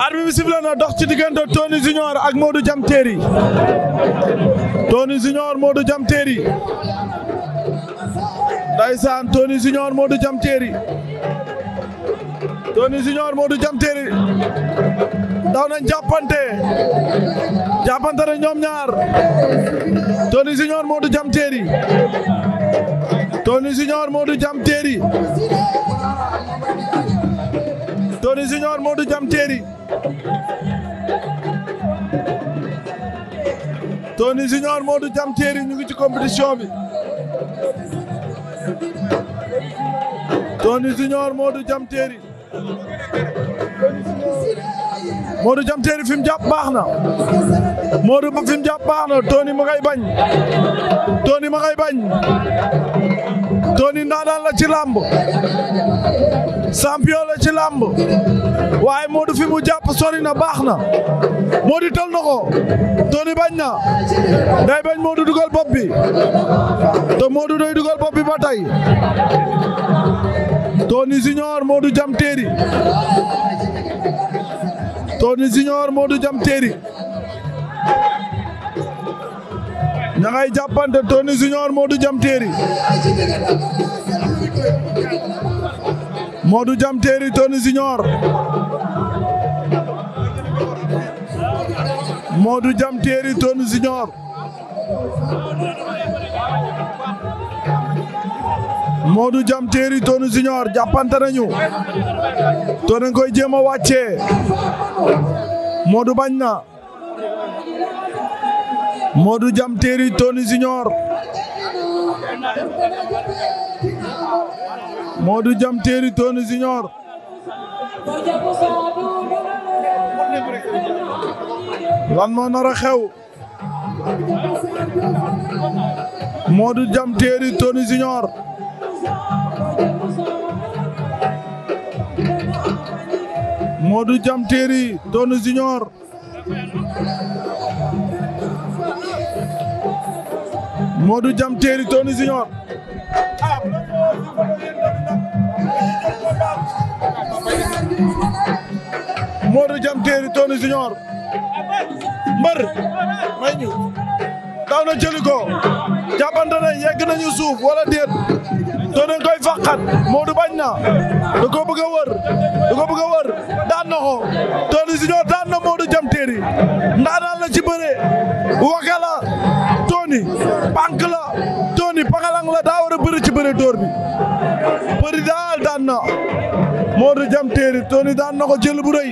arbitre bi sifflé na dox ci diggante Tony Junior ak Modou Jam Terry Tony Junior Modou Jam Terry ndaysaan Tony Junior Modou Jam Terry Tony daw nañ jàppante jàppante ñoom ñaar Tony Junior Modou Jam Téeri Tony Junior Modou Jam Téeri Tony Junior Modou Jam Téeri Tony Junior Modou Jam Téeri ñu ngi ci compétition bi Tony Junior Modou Jam Modou jam teeri fi mu jàpp baax na Modou fi mu jàpp baax na Tony ma ngay bañ Tony ma ngay bañ Tony ndaanaan la ci lamb champion la ci làmb waaye moodu fi mu jàpp sori na baax na Modou tal na ko bañ na day bañ Modou dugal bopp bi te Modou day dugal bopp bi ba tey Tony Junior Modou jam teeri Tony Junior Modou Jam Téeri ña ngay jàppante Tony Junior Modou Jam Téeri Modou Jam Téeri Tony Junior Modou Jam Téeri Tony Junior Modou Jam Téeri Tony Junior jàppante nañu Tony nga koy jéem a wàccee Modou bañ na Modou Jam Téeri Tony Junior Modou Jam Téeri Tony Junior lan moo nar xew Modou Jam Téeri Tony Modou Jam Téeri Donu Junior Modou Jam Téeri Donu Junior Modou Jam Téeri Donu Junior mbër may na jëli ko tegg nañu suuf wala déet doon nañ koy faqat bañ na da ko bëgg a wër bëgg a wër daan na ko Tony Junior daan na Modou jam téeri ndaanaan la ci bëree waka la la Tony pangalang la daa war a bëri ci bëri dóor bi bëri daal daan na Modou jam téeri Tony daan na ko jël bu